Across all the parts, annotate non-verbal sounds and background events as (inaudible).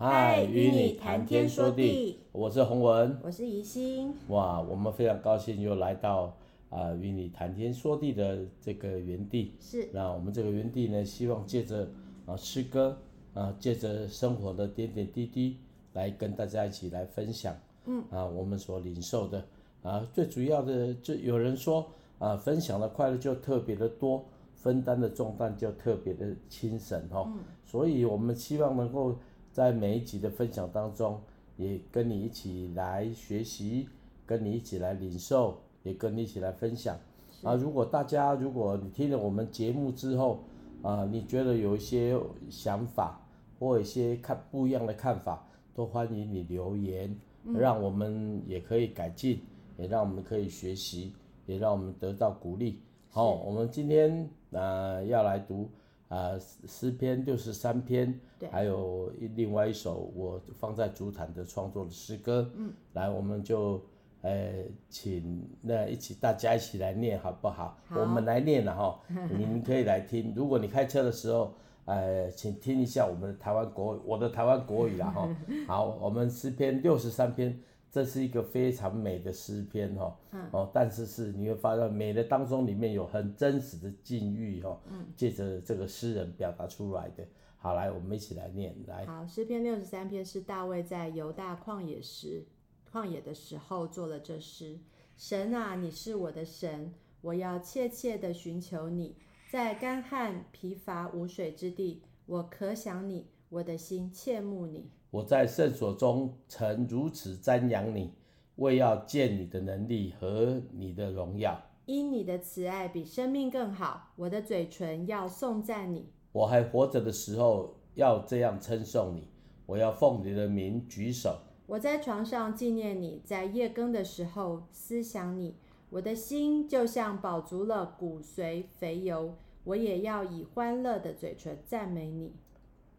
嗨，與 Hi, 你談天說地，Hi, 說地。我是洪文，我是怡心。哇，我們非常高興又來到啊，與、呃、你談天說地的這個園地。是，那我們這個園地呢，希望借着啊詩歌啊，借着、啊、生活的點點滴滴，來跟大家一起來分享。嗯，啊，我們所領受的啊，最主要的就有人說啊，分享的快樂就特別的多，分擔的重擔就特別的輕省哦。嗯、所以，我們希望能夠。在每一集的分享當中，也跟你一起來學習，跟你一起來領受，也跟你一起來分享。是啊，如果大家如果你聽了我們節目之後，啊、呃，你覺得有一些想法或一些看不一樣的看法，都歡迎你留言，讓我們也可以改進，嗯、也讓我們可以學習，也讓我們得到鼓勵。好、哦，是我們今天啊、呃、要來讀。啊，詩、呃、篇六十三篇，對還有一另外一首我放在築壇的創作的詩歌，嗯、來我們就呃請那、呃、一起大家一起來念好不好？好，我們來念了哈， (laughs) 你們可以來聽。如果你開車的時候，呃，請聽一下我們的台灣國語，我的台灣國語啦。哈。 (laughs) 好，我們詩篇六十三篇。這是一個非常美的詩篇，哈，哦，但是是你會發現美的當中裡面有很真實的境遇，哈，借着這個詩人表達出來的。好，來，我們一起來念，來。好，詩篇六十三篇是大衛在猶大曠野時，曠野的時候做了這詩。神啊，你是我的神，我要切切地尋求你，在乾旱疲乏無水之地，我渴想你，我的心切慕你。我在聖所中曾如此瞻仰你，為要見你的能力和你的榮耀。因你的慈愛比生命更好，我的嘴唇要頌讚你。我還活着的時候要這樣稱頌你，我要奉你的名舉手。我在床上紀念你，在夜更的時候思想你。我的心就像飽足了骨髓肥油，我也要以歡樂的嘴唇讚美你。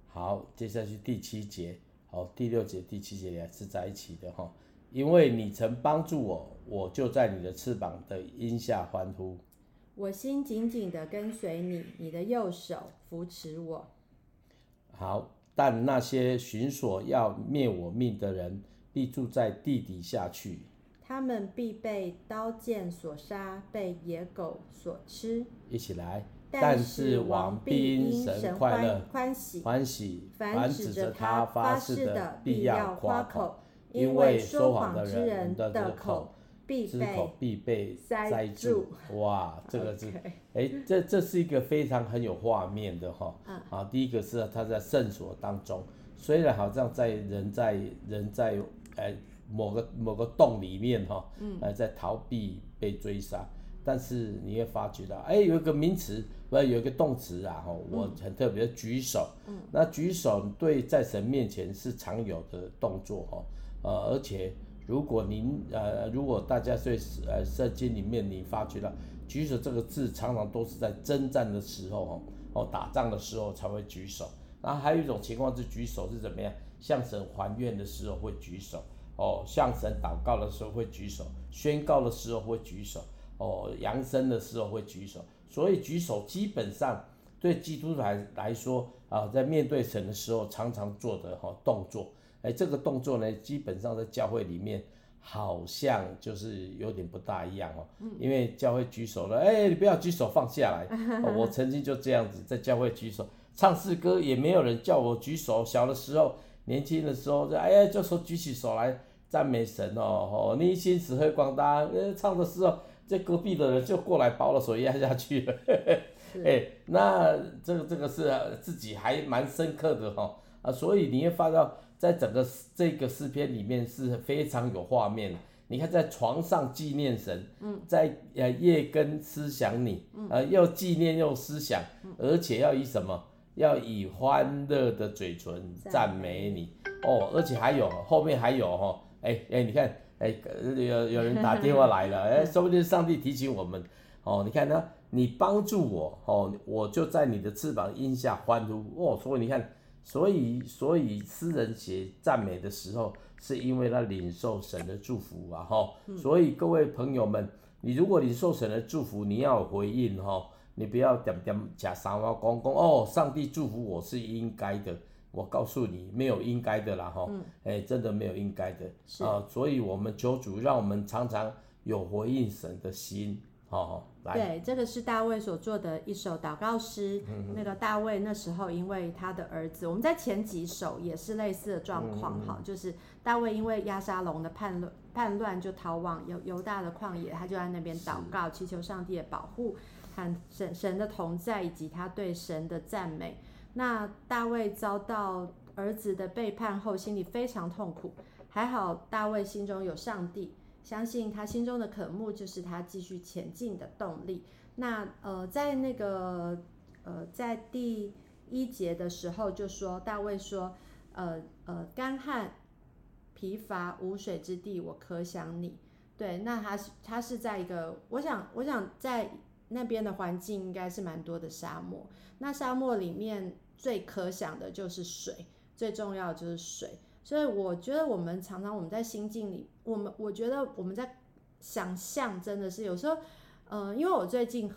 好，接下去第七節。好，第六節、第七節也是在一起的哈，因為你曾幫助我，我就在你的翅膀的蔭下歡呼，我心緊緊地跟隨你，你的右手扶持我。好，但那些尋索要滅我命的人，必住在地底下去，他們必被刀劍所殺，被野狗所吃。一起來。但是王必因神快樂，歡喜，歡喜凡指着他發誓的必要誇口，因為說謊的人的口，口必被塞住。哇，這個是，哎 Okay.、欸，這這是一個非常很有畫面的哈。嗯、啊，第一個是他在聖所當中，雖然好像在人在人在、欸、某個某個洞裡面哈，呃、欸，在逃避被追殺，嗯、但是你會發覺到，哎、欸，有一個名詞。不，有一個動詞啊，哦，我很特別，嗯，舉手。嗯，那舉手對在神面前是常有的動作哦。呃，而且如果您呃，如果大家在呃聖經裡面你發覺到，舉手這個字常常都是在征戰的時候哦，哦，打仗的時候才會舉手。那還有一種情況是舉手是怎麼樣？向神還願的時候會舉手，哦，向神禱告的時候會舉手，宣告的時候會舉手，哦，揚聲的時候會舉手。哦所以舉手基本上對基督徒來，來說啊，在面對神的時候常常做的哈、哦、動作，哎，這個動作呢，基本上在教會裡面好像就是有點不大一樣哦，因為教會舉手了、哎，你不要舉手放下來、哦，我曾經就這樣子在教會舉手 (laughs) 唱詩歌，也沒有人叫我舉手。小的時候年輕的時候就，哎呀，就說舉起手來讚美神哦，你心思和廣大，唱的時候。這隔壁的人就過來把我的手壓下去了 (laughs) 是。哎、欸，那這個這個是、啊、自己還蠻深刻的哈、哦、啊，所以你會發到在整個這個詩篇裡面是非常有畫面的。你看，在床上紀念神，在呃、啊、夜更思想你，嗯、啊，呃，又紀念又思想，而且要以什麼？要以歡樂的嘴唇讚美你、啊、哦，而且還有後面還有哈、哦，哎、欸、哎、欸，你看。哎、欸，有有人打電話來了，哎、欸，說不定上帝提醒我們，哦，你看呢，你幫助我，哦，我就在你的翅膀蔭下歡呼，哦，所以你看，所以所以詩人寫讚美的時候，是因為他領受神的祝福啊，哈、哦，所以各位朋友們，你如果你受神的祝福，你要回應哈、哦，你不要點點假傻哇公公哦，上帝祝福我是應該的。我告訴你，沒有應該的啦，哈、嗯，哎、欸，真的沒有應該的，啊是、呃，所以我們求主讓我們常常有回應神的心，哦，來，對，這個是大衛所做的一首禱告詩，嗯、哼那個大衛那時候因為他的兒子，我們在前幾首也是類似的狀況，哈、嗯哼，就是大衛因為押沙龍的叛亂叛亂，就逃往猶猶大的曠野，他就在那邊禱告，是祈求上帝的保護，和神神的同在，以及他對神的讚美。那大衛遭到兒子的背叛後，心裡非常痛苦。還好大衛心中有上帝，相信他心中的渴慕就是他繼續前進的動力。那呃，在那個呃，在第一節的時候就說，大衛說，呃呃，乾旱、疲乏、無水之地，我渴想你。對，那他是他是在一個，我想我想在。那邊的環境應該是蠻多的沙漠，那沙漠裡面最渴想的就是水，最重要的就是水。所以我覺得我們常常我們在心境裡，我們我覺得我們在想象真的是有時候，嗯、呃，因為我最近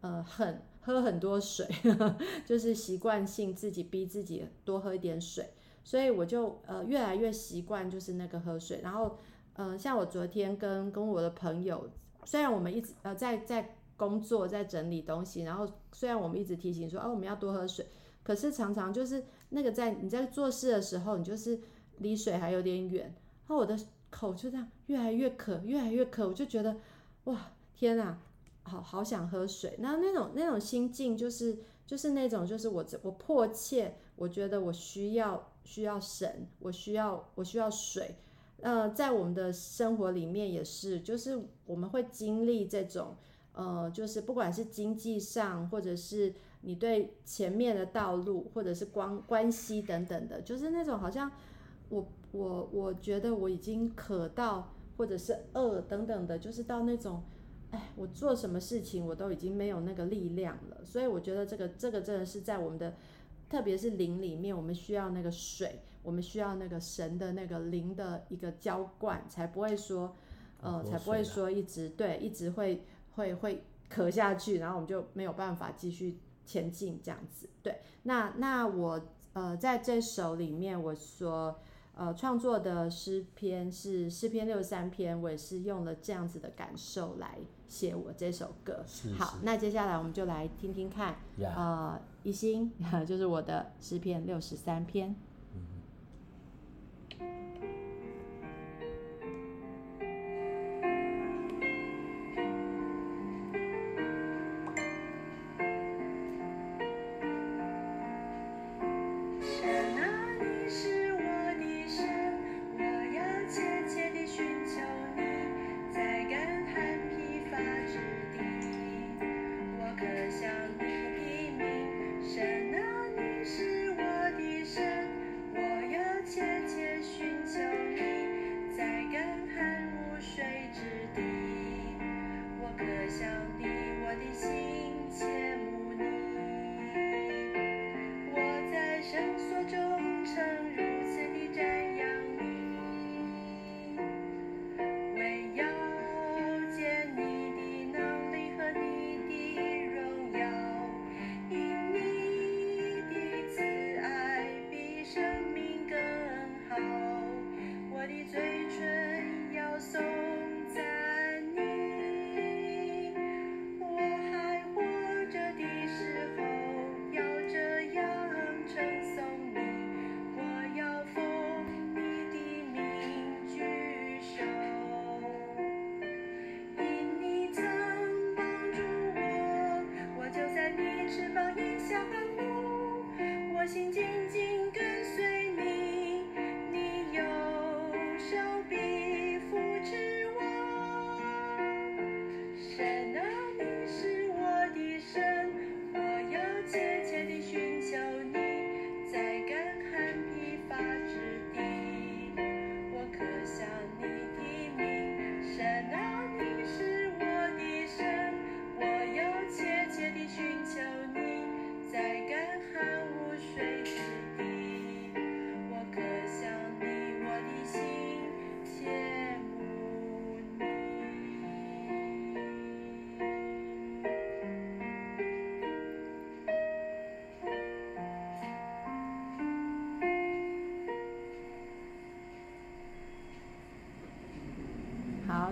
呃很喝很多水呵呵，就是習慣性自己逼自己多喝一點水，所以我就呃越來越習慣就是那個喝水。然後嗯、呃，像我昨天跟跟我的朋友，雖然我們一直呃在在。在工作在整理東西，然後雖然我們一直提醒說哦，我們要多喝水，可是常常就是那個在你在做事的時候，你就是離水還有點遠。然後、啊、我的口就這樣越來越渴，越來越渴，我就覺得哇，天哪、啊，好好想喝水。那那種那種心境，就是就是那種就是我我迫切，我覺得我需要需要神，我需要我需要水。呃，在我們的生活裡面也是，就是我們會經歷這種。呃，就是不管是經濟上，或者是你對前面的道路，或者是關關係等等的，就是那種好像我我我覺得我已經渴到，或者是餓等等的，就是到那種哎，我做什麼事情我都已經沒有那個力量了。所以我覺得這個這個真的是在我們的，特別是靈裡面，我們需要那個水，我們需要那個神的那個靈的一個澆灌，才不會說呃，才不會說一直對，一直會。會會咳下去，然後我們就沒有辦法繼續前進這樣子。對，那那我呃在這首裡面我說，我所呃創作的詩篇是詩篇六十三篇，我也是用了這樣子的感受來寫我這首歌。是是好，那接下來我們就來聽聽看，Yeah. 呃，一心 (laughs) 就是我的詩篇六十三篇。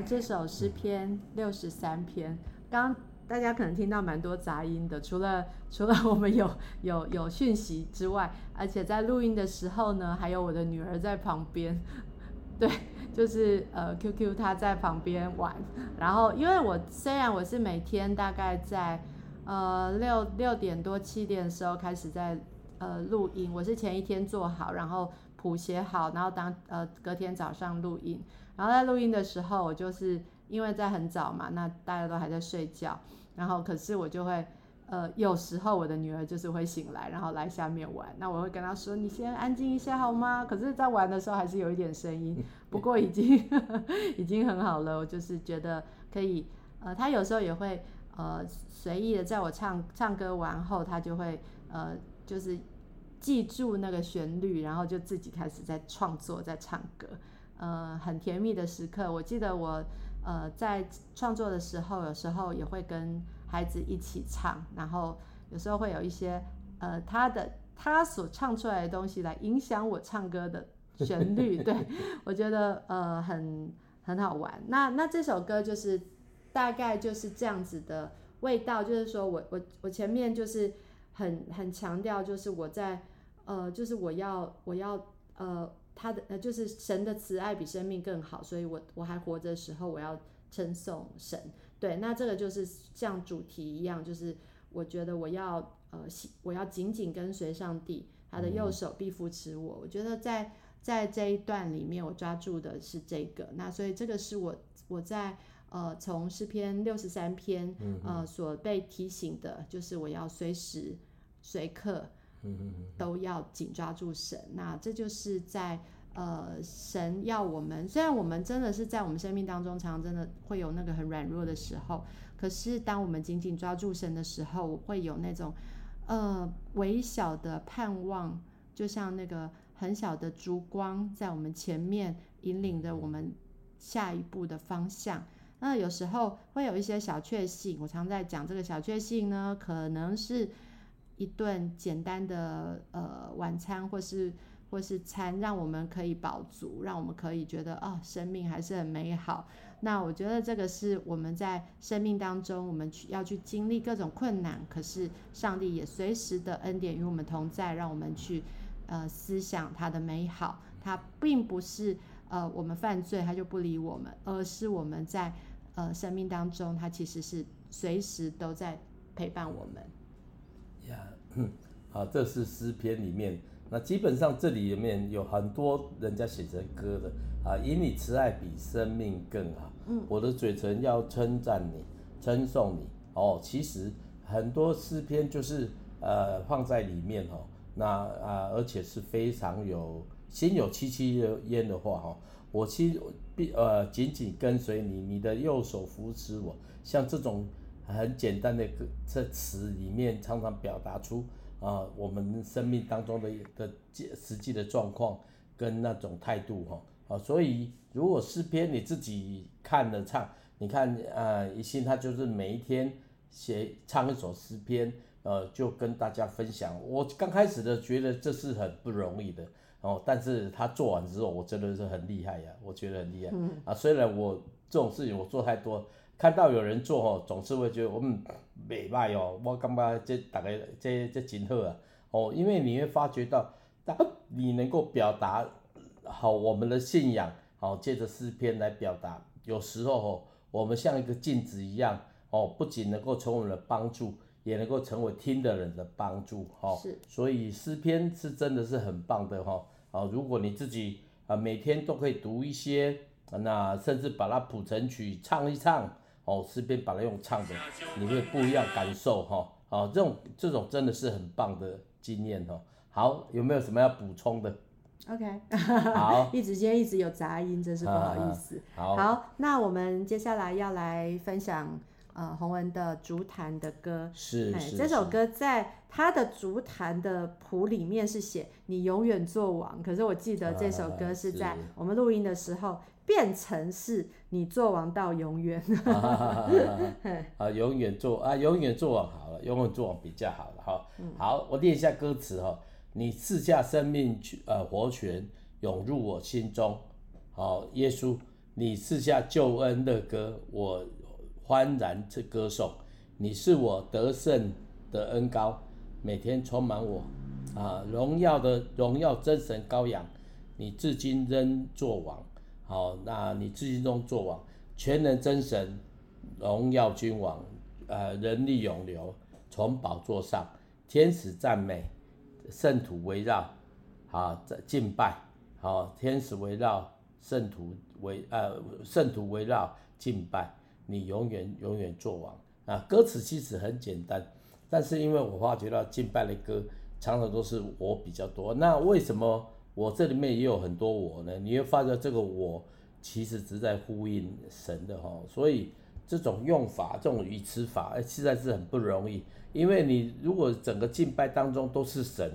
這首詩篇六十三篇，剛剛大家可能聽到蠻多雜音的，除了除了我們有有有訊息之外，而且在錄音的時候呢，還有我的女兒在旁邊，對，就是呃 QQ 她在旁邊玩，然後因為我雖然我是每天大概在呃六六點多七點的時候開始在呃錄音，我是前一天做好，然後。譜寫好，然後當呃隔天早上錄音，然後在錄音的時候，我就是因為在很早嘛，那大家都還在睡覺，然後可是我就會呃有時候我的女兒就是會醒來，然後來下面玩，那我會跟她說你先安靜一下好嗎？可是，在玩的時候還是有一點聲音，不過已經 (laughs) (laughs) 已經很好了，我就是覺得可以。呃，她有時候也會呃隨意的在我唱唱歌完後，她就會呃就是。記住那個旋律，然後就自己開始在創作，在唱歌，呃，很甜蜜的時刻。我記得我，呃，在創作的時候，有時候也會跟孩子一起唱，然後有時候會有一些，呃，他的他所唱出來的東西來影響我唱歌的旋律， (laughs) 對，我覺得，呃，很很好玩。那那這首歌就是大概就是這樣子的味道，就是說我我我前面就是很很強調，就是我在。呃，就是我要，我要，呃，他的，呃，就是神的慈愛比生命更好，所以我我還活着的時候，我要稱頌神。對，那這個就是像主題一樣，就是我覺得我要，呃，我要緊緊跟隨上帝，他的右手必扶持我。嗯、我覺得在在這一段裡面，我抓住的是這個。那所以這個是我我在呃從詩篇六十三篇呃所被提醒的，就是我要隨時隨刻，都要緊抓住神，那這就是在呃，神要我們。雖然我們真的是在我們生命當中，常常真的會有那個很軟弱的時候，可是當我們緊緊抓住神的時候，我會有那種呃微小的盼望，就像那個很小的燭光在我們前面引領着我們下一步的方向。那有時候會有一些小確幸，我常在講這個小確幸呢，可能是。一頓簡單的呃晚餐，或是或是餐，讓我們可以飽足，讓我們可以覺得啊、哦，生命還是很美好。那我覺得這個是我們在生命當中，我們要去經歷各種困難，可是上帝也隨時的恩典與我們同在，讓我們去呃思想他的美好。他並不是呃我們犯罪他就不理我們，而是我們在呃生命當中，他其實是隨時都在陪伴我們。啊，這是詩篇裡面，那基本上這裡面有很多人家寫成歌的啊，因你慈愛比生命更好，嗯、我的嘴唇要稱讚你，稱頌你哦。其實很多詩篇就是呃放在裡面哦，那啊、呃、而且是非常有心有戚戚的焉的話哦，我心必呃緊緊跟隨你，你的右手扶持我，像這種。很簡單的歌這詞裡面，常常表達出啊、呃，我們生命當中的的實際的狀況跟那種態度哈。啊、哦，所以如果詩篇你自己看了唱，你看啊、呃，一心他就是每一天寫唱一首詩篇，呃，就跟大家分享。我剛開始的覺得這是很不容易的，哦，但是他做完之後，我真的是很厲害呀、啊，我覺得很厲害。嗯、啊，雖然我這種事情我做太多。看到有人做哦，總是會覺得我們袂歹哦。我感覺這大家這這真好啊哦，因為你會發覺到，當你能夠表達好我們的信仰，好借着詩篇來表達。有時候哦，我們像一個鏡子一樣哦，不僅能夠成為我們的幫助，也能夠成為聽的人的幫助哈。是。所以詩篇是真的是很棒的哈。啊，如果你自己啊每天都可以讀一些，那甚至把它譜成曲唱一唱。.哦，是便把它用唱的，你會不一樣感受哈。好、哦哦，這種這種真的是很棒的經驗哦，好，有沒有什麼要補充的？OK，好，一直今天一直有雜音，真是不好意思。啊啊好，好，那我們接下來要來分享呃洪文的築壇的歌。是是。這首歌在他的築壇的譜裡面是寫“你永遠做王”，可是我記得這首歌是在我們錄音的時候。變成是你做王到永遠，啊， (laughs) 啊，永遠做啊，永遠做王好了，永遠做王比較好了哈。好，嗯、好，我念一下歌詞哈，哦，你賜下生命呃，活泉湧入我心中，好，耶穌，你賜下救恩的歌，我歡然之歌頌，你是我得勝的恩膏，每天充滿我，啊，榮耀的榮耀真神羔羊，你至今仍做王。好，那你自己中做王，全能真神，榮耀君王，呃，人力永留，從寶座上，天使讚美，聖徒圍繞，好、啊，敬拜，好、啊，天使圍繞，聖徒圍，呃，聖徒圍繞敬拜，你永遠永遠做王啊，歌詞其實很簡單，但是因為我發覺到敬拜的歌，常常都是我比較多，那為什麼？我這裡面也有很多我呢，你會發覺這個我其實只在呼應神的齁，所以這種用法，這種語詞法哎、欸，實在是很不容易。因為你如果整個敬拜當中都是神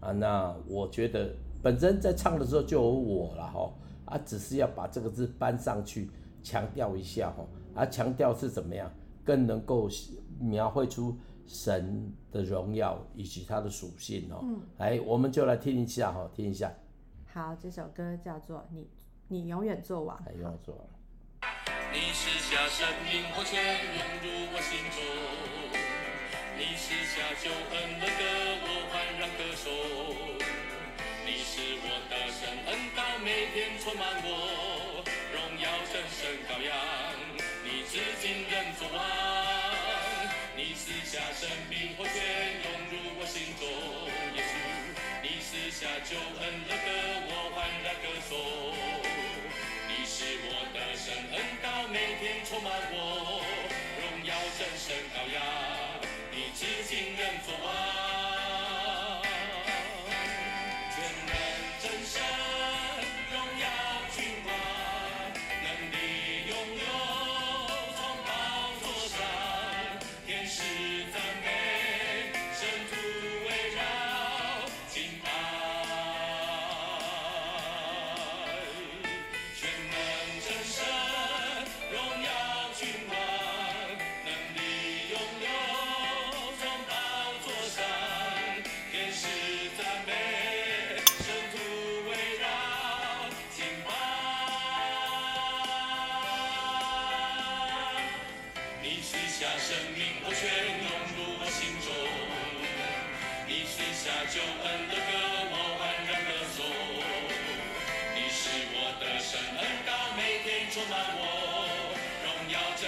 啊，那我覺得本身在唱的時候就有我了齁，啊，只是要把這個字搬上去強調一下齁，啊，強調是怎麼樣，更能夠描繪出。神的榮耀以及祂的屬性哦，哎、嗯，我們就來聽一下哈、哦，聽一下。好，這首歌叫做《你你永遠做王》你施下聖靈，湧入我心中你施下救恩的歌，我環繞歌手你是我的神，恩典每天充滿我。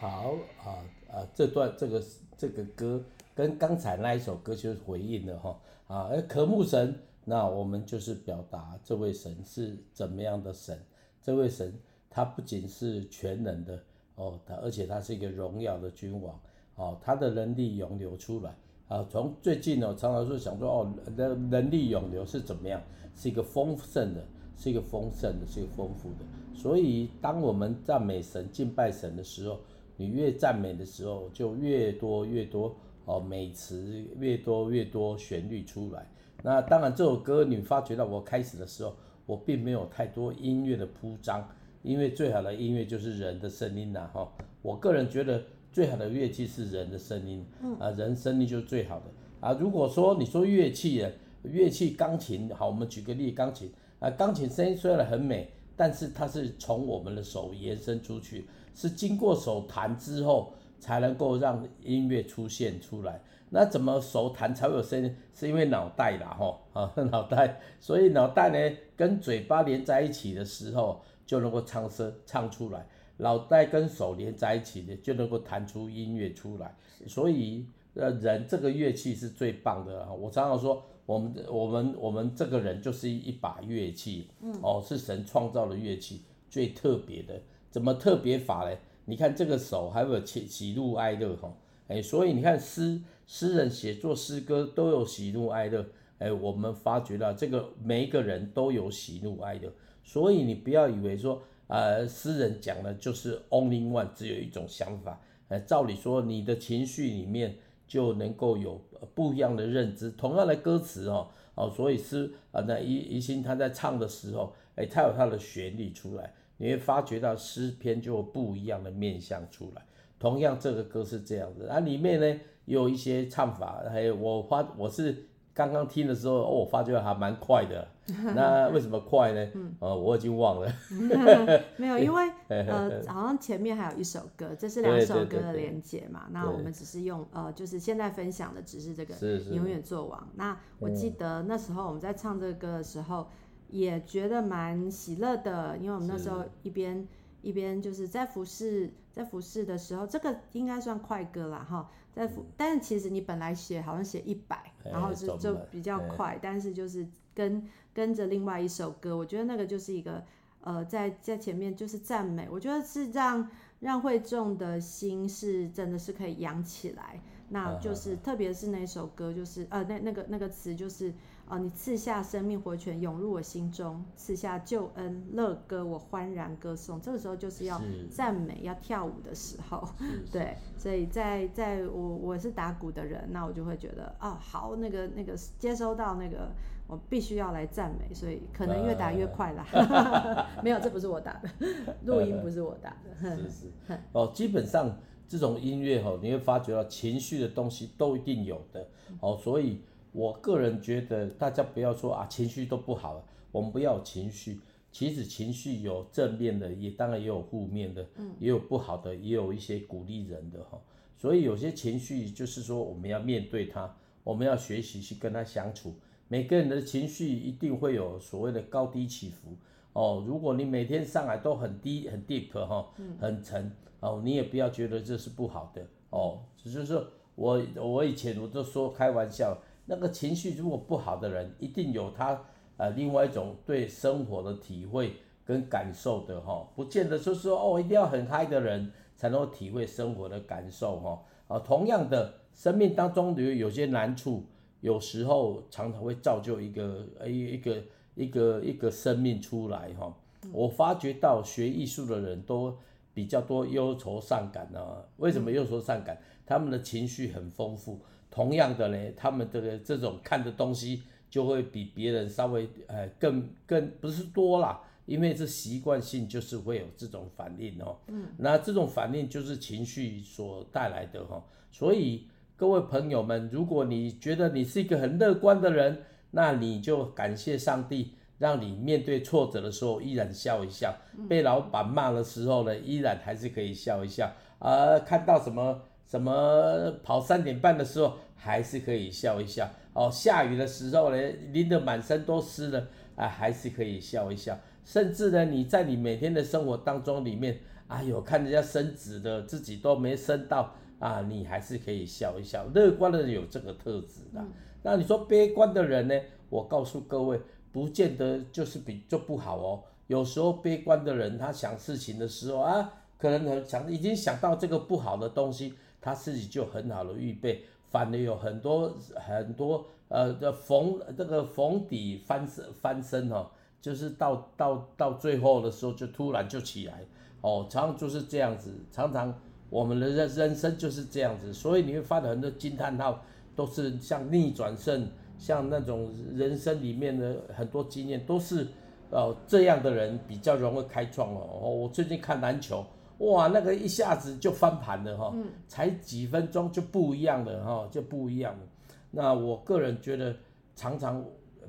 好啊啊，這段這個這個歌跟剛才那一首歌就是回應了哈啊，哦，哎，渴慕神，那我們就是表達這位神是怎麼樣的神。這位神他不僅是全能的哦，他而且他是一個榮耀的君王哦，他的能力湧流出來啊。從最近呢，常常說想說哦，人能力湧流是怎麼樣是？是一個豐盛的，是一個豐盛的，是一個豐富的。所以當我們讚美神、敬拜神的時候。你越讚美的時候，就越多越多哦，美詞越多越多旋律出來。那當然，這首歌你發覺到，我開始的時候，我並沒有太多音樂的鋪張，因為最好的音樂就是人的聲音吶、啊，哈。我個人覺得最好的樂器是人的聲音，嗯、啊，人聲音就是最好的。啊，如果說你說樂器，樂器鋼琴，好，我們舉個例，鋼琴，啊，鋼琴聲音雖然很美。但是它是從我們的手延伸出去，是經過手彈之後才能夠讓音樂出現出來。那怎麼手彈才會有聲音？是因為腦袋啦，吼、哦、啊，腦袋，所以腦袋呢跟嘴巴連在一起的時候就能夠唱聲唱出來，腦袋跟手連在一起就能夠彈出音樂出來。所以呃人這個樂器是最棒的。我常常說。我們我們我們這個人就是一把樂器，嗯，哦，是神創造的樂器，最特別的，怎麼特別法嘞？你看這個手還有喜喜怒哀樂哈，哎、哦，所以你看詩詩人寫作詩歌都有喜怒哀樂，哎，我們發覺到這個每一個人都有喜怒哀樂，所以你不要以為說呃詩人講的就是 only one 只有一種想法，哎，照理說你的情緒裡面。就能夠有不一樣的認知，同樣的歌詞哦，哦，所以是，啊、呃，那宜宜興他在唱的時候，哎、欸，他有他的旋律出來，你會發覺到詩篇就有不一樣的面相出來。同樣，這個歌是這樣子，那、啊、裡面呢有一些唱法，還、欸、有我發我是。剛剛聽的時候，哦，我發覺還蠻快的。 (laughs) 那為什麼快呢？嗯、呃，我已經忘了。 (laughs) (laughs) 沒有，因為呃，好像前面還有一首歌，這是兩首歌的連結嘛。對對對對，那我們只是用呃，就是現在分享的只是這個，是是你永遠做王。那我記得那時候我們在唱這個歌的時候，嗯、也覺得蠻喜樂的，因為我們那時候一邊是一邊就是在服侍，在服侍的時候，這個應該算快歌啦。哈。在，但是其實你本來寫好像寫一百，然後就就比較快，但是就是跟跟着另外一首歌，我覺得那個就是一個，呃，在在前面就是讚美，我覺得是讓讓會眾的心是真的是可以揚起來，那就是特別是那首歌就是呃那那個那個詞，那個、就是。哦、你賜下生命活泉湧入我心中，賜下救恩樂歌，我歡然歌頌。這個時候就是要讚美，是要跳舞的時候，是是是對。所以在，在在我我是打鼓的人，那我就會覺得，哦，好，那個那個接收到那個，我必須要來讚美，所以可能越打越快啦。沒有，這不是我打的，錄音不是我打的。嗯、 (laughs) 是是。哦，基本上這種音樂吼、哦，你會發覺到情緒的東西都一定有的。嗯、哦，所以。我個人覺得，大家不要說啊，情緒都不好了、啊。我們不要有情緒，其實情緒有正面的，也當然也有負面的，嗯、也有不好的，也有一些鼓勵人的哈。所以有些情緒就是說，我們要面對它，我們要學習去跟它相處。每個人的情緒一定會有所謂的高低起伏哦。如果你每天上來都很低、很低，哈，很沉哦，你也不要覺得這是不好的哦。只是說我，我以前我都說開玩笑。那個情緒如果不好的人，一定有他呃另外一種對生活的體會跟感受的哈、哦，不見得說是哦一定要很嗨的人才能夠體會生活的感受哈、哦。啊，同樣的生命當中，例如有些難處，有時候常常會造就一個一一個一個一個，一個生命出來哈。哦嗯、我發覺到學藝術的人都比較多憂愁善感呢、啊。為什麼憂愁善感？嗯、他們的情緒很豐富。同樣的嘞，他們這個這種看的東西就會比別人稍微呃更更不是多啦，因為是習慣性就是會有這種反應哦。嗯，那這種反應就是情緒所帶來的哈、哦。所以各位朋友們，如果你覺得你是一個很樂觀的人，那你就感謝上帝，讓你面對挫折的時候依然笑一笑，嗯、被老板罵的時候呢依然還是可以笑一笑。啊、呃，看到什麼？怎麼跑三點半的時候還是可以笑一笑哦？下雨的時候呢，淋得滿身都濕了啊，還是可以笑一笑。甚至呢，你在你每天的生活當中裡面，哎呦，看人家升職的，自己都沒升到啊，你還是可以笑一笑。樂觀的人有這個特質的。嗯、那你說悲觀的人呢？我告訴各位，不見得就是比就不好哦。有時候悲觀的人，他想事情的時候啊，可能想已經想到這個不好的東西。他自己就很好的預備，反而有很多很多呃的逢這、那個逢底翻身翻身哦，就是到到到最後的時候就突然就起來哦，常常就是這樣子，常常我們的人生就是這樣子，所以你會發的很多驚嘆號，都是像逆轉勝，像那種人生裡面的很多經驗都是哦，這樣的人比較容易開創哦。我最近看籃球。哇，那個一下子就翻盤了哈，才幾分鐘就不一樣了哈，就不一樣了。那我個人覺得，常常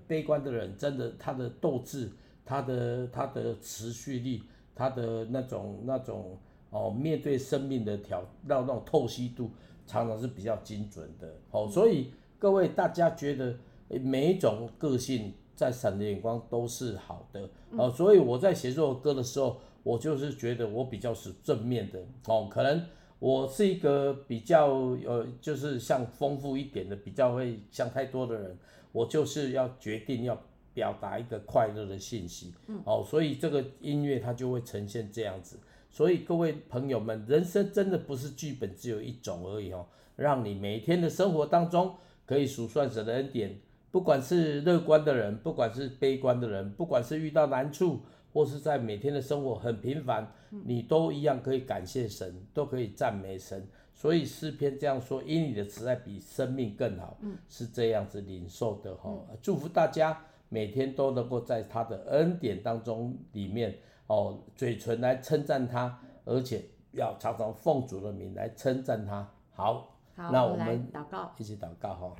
悲觀的人，真的他的鬥志、他的他的持續力、他的那種那種哦，面對生命的挑，到那種透析度，常常是比較精準的。哦。所以各位大家覺得每一種個性在神的眼光都是好的。哦。所以我在寫這首歌的時候。我就是覺得我比較是正面的哦，可能我是一個比較呃，就是像豐富一點的，比較會想太多的人。我就是要決定要表達一個快樂的信息，嗯、哦，所以這個音樂它就會呈現這樣子。所以各位朋友們，人生真的不是劇本只有一種而已哦，讓你每一天的生活當中可以數算主的恩典，不管是樂觀的人，不管是悲觀的人，不管是遇到難處。或是在每天的生活很平凡，嗯、你都一樣可以感謝神，都可以讚美神，所以詩篇這樣說：因你的慈愛比生命更好，嗯、是這樣子領受的哈。哦嗯、祝福大家每天都能夠在他的恩典當中裡面哦，嘴唇來稱讚他，而且要常常奉主的名來稱讚他。好，好那我們禱告，一起禱告哈、哦。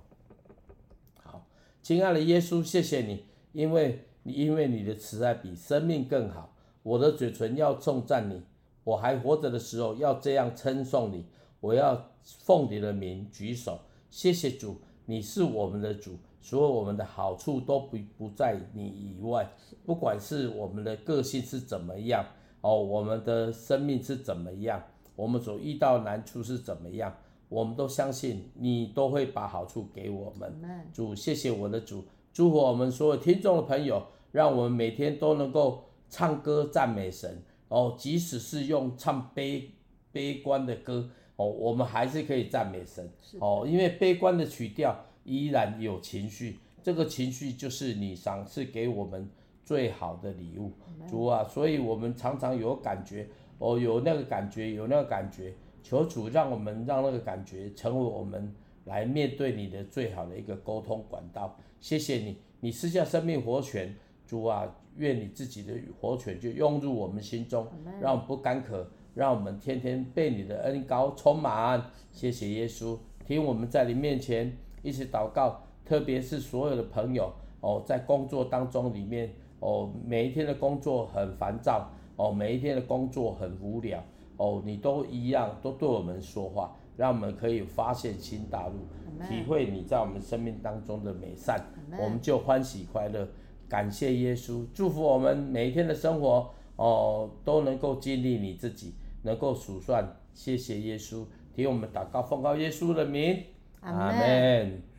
好，親愛的耶穌，謝謝你，因為。你因為你的慈愛比生命更好，我的嘴唇要頌讚你，我還活着的時候要這樣稱頌你，我要奉你的名舉手，謝謝主，你是我們的主，所有我們的好處都不不在你以外，不管是我們的個性是怎麼樣，哦，我們的生命是怎麼樣，我們所遇到難處是怎麼樣，我們都相信你都會把好處給我們，主，謝謝我的主。祝福、啊、我們所有聽眾的朋友，讓我們每天都能夠唱歌讚美神哦。即使是用唱悲悲觀的歌哦，我們還是可以讚美神的哦。因為悲觀的曲調依然有情緒，這個情緒就是你賞賜給我們最好的禮物，嗯、主啊。所以我們常常有感覺哦，有那個感覺，有那個感覺。求主讓我們讓那個感覺成為我們。來面對你的最好的一個溝通管道，謝謝你。你賜下生命活泉，主啊，願你自己的活泉就湧入我們心中，讓我們不乾渴，讓我們天天被你的恩膏充滿。謝謝耶穌，聽我們在你面前一起禱告，特別是所有的朋友哦，在工作當中裡面哦，每一天的工作很煩躁哦，每一天的工作很無聊哦，你都一樣都對我們說話。讓我們可以發現新大陸，Amen 體會你在我們生命當中的美善，Amen 我們就歡喜快樂，感謝耶穌，祝福我們每一天的生活哦，都能夠激勵你自己，能夠數算，謝謝耶穌，替我們禱告奉告耶穌的名，阿門 Amen。